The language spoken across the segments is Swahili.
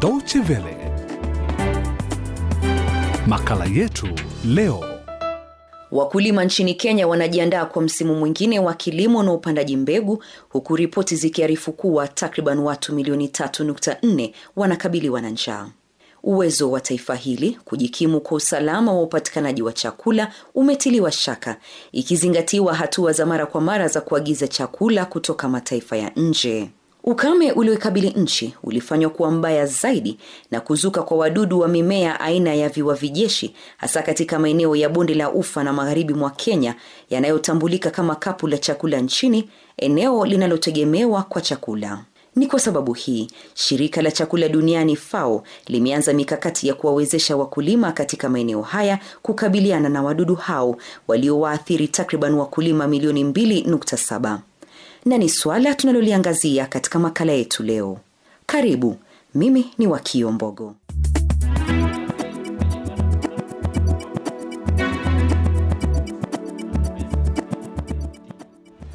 Deutsche Welle. Makala yetu leo. Wakulima nchini Kenya wanajiandaa kwa msimu mwingine wa kilimo na upandaji mbegu huku ripoti zikiarifu kuwa takriban watu milioni 3.4 wanakabiliwa na njaa. Uwezo wa taifa hili kujikimu kwa usalama wa upatikanaji wa chakula umetiliwa shaka, ikizingatiwa hatua za mara kwa mara za kuagiza chakula kutoka mataifa ya nje. Ukame ulioikabili nchi ulifanywa kuwa mbaya zaidi na kuzuka kwa wadudu wa mimea aina ya viwavijeshi hasa katika maeneo ya bonde la Ufa na magharibi mwa Kenya yanayotambulika kama kapu la chakula nchini, eneo linalotegemewa kwa chakula. Ni kwa sababu hii shirika la chakula duniani FAO limeanza mikakati ya kuwawezesha wakulima katika maeneo haya kukabiliana na wadudu hao waliowaathiri takriban wakulima milioni 2.7 na ni swala tunaloliangazia katika makala yetu leo. Karibu, mimi ni Wakio Mbogo.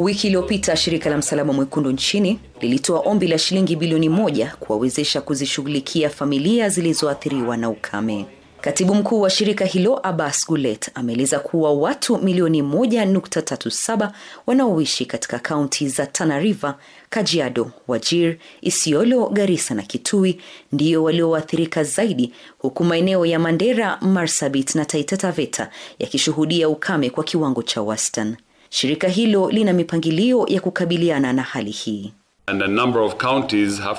Wiki iliyopita shirika la Msalaba Mwekundu nchini lilitoa ombi la shilingi bilioni moja kuwawezesha kuzishughulikia familia zilizoathiriwa na ukame. Katibu mkuu wa shirika hilo Abbas Gulet ameeleza kuwa watu milioni 1.37 wanaoishi katika kaunti za Tana River, Kajiado, Wajir, Isiolo, Garissa na Kitui ndiyo walioathirika zaidi, huku maeneo ya Mandera, Marsabit na Taita Taveta yakishuhudia ukame kwa kiwango cha wastani. Shirika hilo lina mipangilio ya kukabiliana na hali hii. Uh,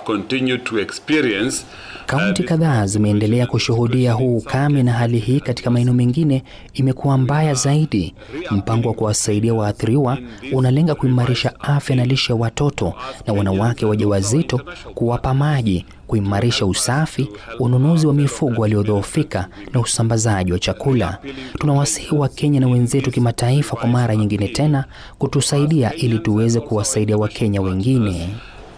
Kaunti kadhaa zimeendelea kushuhudia huu ukame, na hali hii katika maeneo mengine imekuwa mbaya zaidi. Mpango wa kuwasaidia waathiriwa unalenga kuimarisha afya na lishe ya watoto na wanawake wajawazito, kuwapa maji kuimarisha usafi, ununuzi wa mifugo waliodhoofika na usambazaji wa chakula. Tunawasihi Wakenya na wenzetu kimataifa kwa mara nyingine tena kutusaidia ili tuweze kuwasaidia Wakenya wengine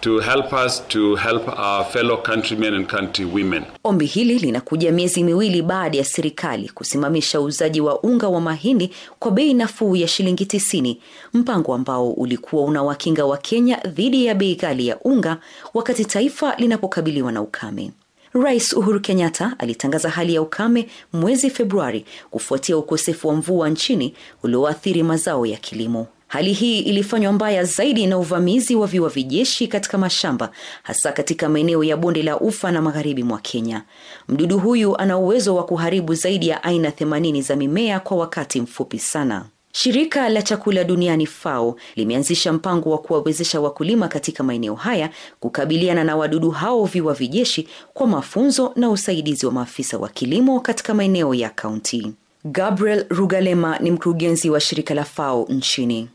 to help us to help our fellow countrymen and Ombi hili linakuja miezi miwili baada ya serikali kusimamisha uuzaji wa unga wa mahindi kwa bei nafuu ya shilingi tisini, mpango ambao ulikuwa unawakinga kenya dhidi ya bei ghali ya unga wakati taifa linapokabiliwa na ukame. Rais Uhuru Kenyatta alitangaza hali ya ukame mwezi Februari kufuatia ukosefu wa mvua nchini ulioathiri mazao ya kilimo. Hali hii ilifanywa mbaya zaidi na uvamizi wa viwa vijeshi katika mashamba, hasa katika maeneo ya bonde la Ufa na magharibi mwa Kenya. Mdudu huyu ana uwezo wa kuharibu zaidi ya aina 80 za mimea kwa wakati mfupi sana. Shirika la chakula duniani FAO limeanzisha mpango wa kuwawezesha wakulima katika maeneo haya kukabiliana na wadudu hao viwa vijeshi kwa mafunzo na usaidizi wa maafisa wa kilimo katika maeneo ya kaunti. Gabriel Rugalema ni mkurugenzi wa shirika la FAO nchini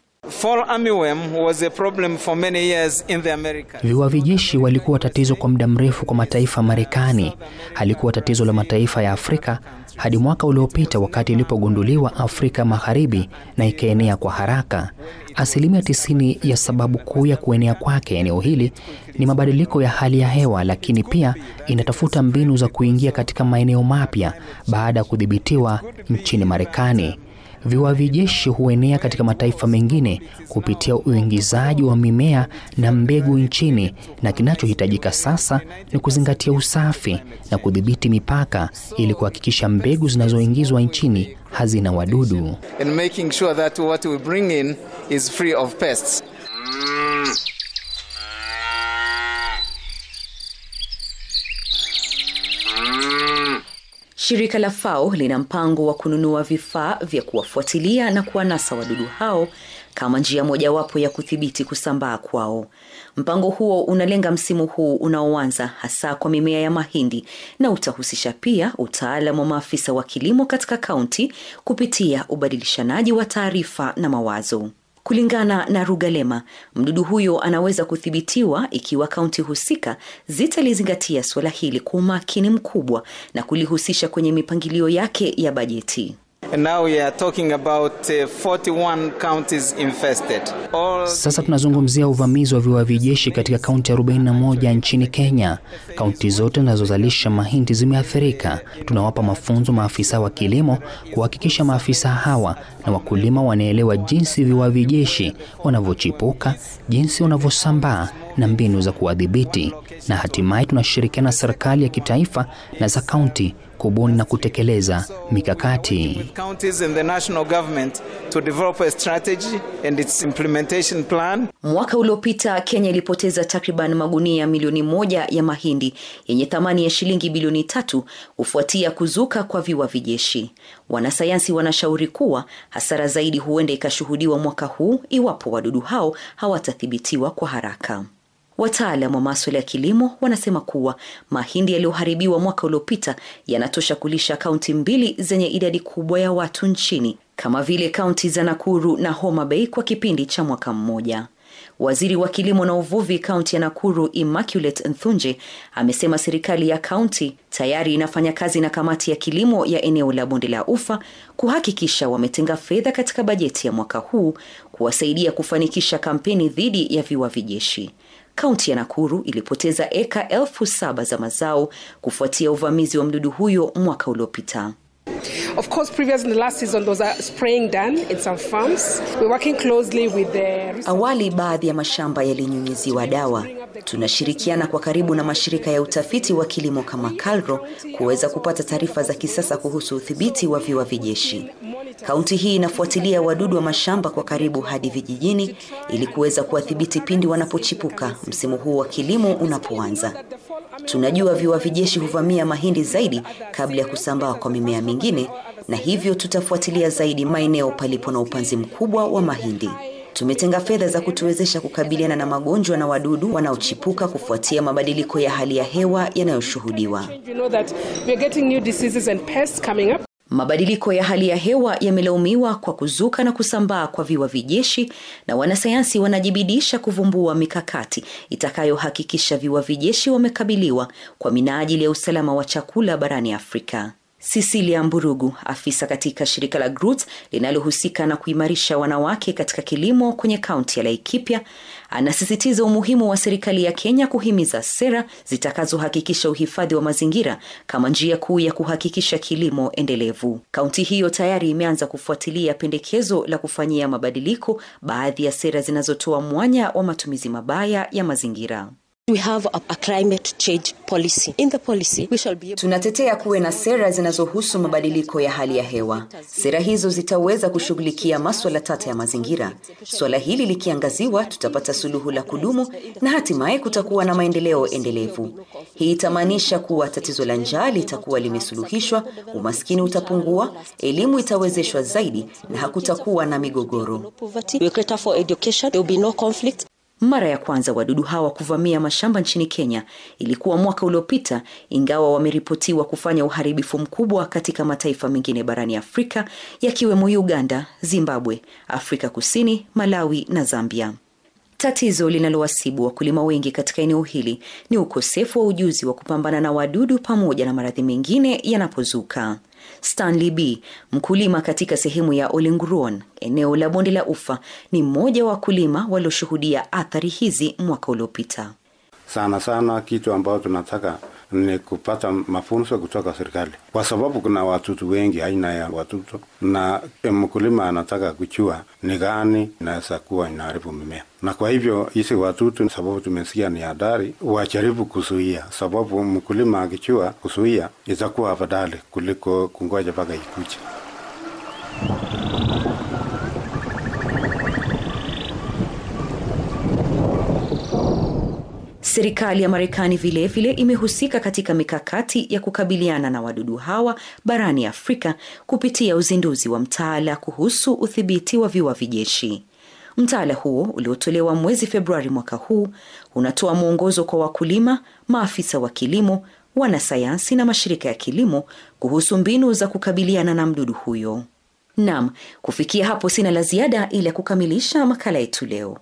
viwa vijeshi walikuwa tatizo kwa muda mrefu kwa mataifa Marekani, halikuwa tatizo la mataifa ya Afrika hadi mwaka uliopita wakati ilipogunduliwa Afrika Magharibi na ikaenea kwa haraka. Asilimia 90 ya sababu kuu ya kuenea kwake eneo hili ni mabadiliko ya hali ya hewa, lakini pia inatafuta mbinu za kuingia katika maeneo mapya baada ya kudhibitiwa nchini Marekani. Viwavi jeshi huenea katika mataifa mengine kupitia uingizaji wa mimea na mbegu nchini, na kinachohitajika sasa ni kuzingatia usafi na kudhibiti mipaka ili kuhakikisha mbegu zinazoingizwa nchini hazina wadudu. And Shirika la FAO lina mpango wa kununua vifaa vya kuwafuatilia na kuwanasa wadudu hao kama njia mojawapo ya kudhibiti kusambaa kwao. Mpango huo unalenga msimu huu unaoanza hasa kwa mimea ya mahindi na utahusisha pia utaalam wa maafisa wa kilimo katika kaunti kupitia ubadilishanaji wa taarifa na mawazo. Kulingana na Rugalema, mdudu huyo anaweza kuthibitiwa ikiwa kaunti husika zitalizingatia suala hili kwa umakini mkubwa na kulihusisha kwenye mipangilio yake ya bajeti. Uh, Sasa tunazungumzia uvamizi wa viwavi jeshi katika kaunti 41 nchini Kenya. Kaunti zote zinazozalisha mahindi zimeathirika. Tunawapa mafunzo maafisa wa kilimo kuhakikisha maafisa hawa na wakulima wanaelewa jinsi viwavi jeshi wanavyochipuka, jinsi wanavyosambaa na mbinu za kuwadhibiti, na hatimaye tunashirikiana na serikali ya kitaifa na za kaunti kubuni na kutekeleza mikakati. Mwaka uliopita Kenya ilipoteza takriban magunia milioni moja ya mahindi yenye thamani ya shilingi bilioni tatu kufuatia kuzuka kwa viwa vijeshi. Wanasayansi wanashauri kuwa hasara zaidi huenda ikashuhudiwa mwaka huu iwapo wadudu hao hawatathibitiwa kwa haraka. Wataalam wa maswala ya kilimo wanasema kuwa mahindi yaliyoharibiwa mwaka uliopita yanatosha kulisha kaunti mbili zenye idadi kubwa ya watu nchini kama vile kaunti za Nakuru na Homa Bay kwa kipindi cha mwaka mmoja. Waziri wa kilimo na uvuvi kaunti ya Nakuru Immaculate Nthunje amesema serikali ya kaunti tayari inafanya kazi na kamati ya kilimo ya eneo la bonde la Ufa kuhakikisha wametenga fedha katika bajeti ya mwaka huu kuwasaidia kufanikisha kampeni dhidi ya viwavi jeshi. Kaunti ya Nakuru ilipoteza eka elfu saba za mazao kufuatia uvamizi wa mdudu huyo mwaka uliopita. Of course, previous in the last season, those are spraying done in some farms. We're working closely with the... Awali baadhi ya mashamba yalinyunyiziwa dawa Tunashirikiana kwa karibu na mashirika ya utafiti wa kilimo kama calro kuweza kupata taarifa za kisasa kuhusu udhibiti wa viwa vijeshi Kaunti hii inafuatilia wadudu wa mashamba kwa karibu hadi vijijini ili kuweza kuwadhibiti pindi wanapochipuka msimu huu wa kilimo unapoanza. Tunajua viwa vijeshi huvamia mahindi zaidi kabla ya kusambaa kwa mimea mingine na hivyo tutafuatilia zaidi maeneo palipo na upanzi mkubwa wa mahindi. Tumetenga fedha za kutuwezesha kukabiliana na magonjwa na wadudu wanaochipuka kufuatia mabadiliko ya hali ya hewa yanayoshuhudiwa. Mabadiliko ya hali ya hewa yamelaumiwa kwa kuzuka na kusambaa kwa viwa vijeshi na wanasayansi wanajibidisha kuvumbua mikakati itakayohakikisha viwa vijeshi wamekabiliwa kwa minajili ya usalama wa chakula barani Afrika. Cecilia Mburugu, afisa katika shirika la grut linalohusika na kuimarisha wanawake katika kilimo kwenye kaunti ya Laikipia, anasisitiza umuhimu wa serikali ya Kenya kuhimiza sera zitakazohakikisha uhifadhi wa mazingira kama njia kuu ya kuhakikisha kilimo endelevu. Kaunti hiyo tayari imeanza kufuatilia pendekezo la kufanyia mabadiliko baadhi ya sera zinazotoa mwanya wa matumizi mabaya ya mazingira. Tunatetea kuwe na sera zinazohusu mabadiliko ya hali ya hewa. Sera hizo zitaweza kushughulikia maswala tata ya mazingira. Swala hili likiangaziwa, tutapata suluhu la kudumu na hatimaye kutakuwa na maendeleo endelevu. Hii itamaanisha kuwa tatizo la njaa litakuwa limesuluhishwa, umaskini utapungua, elimu itawezeshwa zaidi na hakutakuwa na migogoro. Mara ya kwanza wadudu hawa kuvamia mashamba nchini Kenya ilikuwa mwaka uliopita, ingawa wameripotiwa kufanya uharibifu mkubwa katika mataifa mengine barani Afrika yakiwemo Uganda, Zimbabwe, Afrika Kusini, Malawi na Zambia. Tatizo linalowasibu wakulima wengi katika eneo hili ni ukosefu wa ujuzi wa kupambana na wadudu pamoja na maradhi mengine yanapozuka. Stanley B, mkulima katika sehemu ya olingron eneo la bonde la Ufa, ni mmoja wa wakulima walioshuhudia athari hizi mwaka uliopita. Sana sana kitu ambayo tunataka ni kupata mafunzo kutoka serikali, kwa sababu kuna watoto wengi, aina ya watoto, na mkulima anataka kujua ni gani inaweza kuwa inaharibu mimea, na kwa hivyo hizi watoto, sababu tumesikia ni hatari, wajaribu kuzuia, sababu mkulima akijua kuzuia itakuwa afadhali kuliko kungoja mpaka ikuja. Serikali ya Marekani vilevile imehusika katika mikakati ya kukabiliana na wadudu hawa barani Afrika kupitia uzinduzi wa mtaala kuhusu udhibiti wa viwavi jeshi. Mtaala huo uliotolewa mwezi Februari mwaka huu unatoa mwongozo kwa wakulima, maafisa wa kilimo, wanasayansi na mashirika ya kilimo kuhusu mbinu za kukabiliana na mdudu huyo. Naam, kufikia hapo sina la ziada, ila kukamilisha makala yetu leo.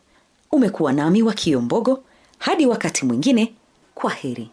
Umekuwa nami wakiombogo hadi wakati mwingine, kwa heri.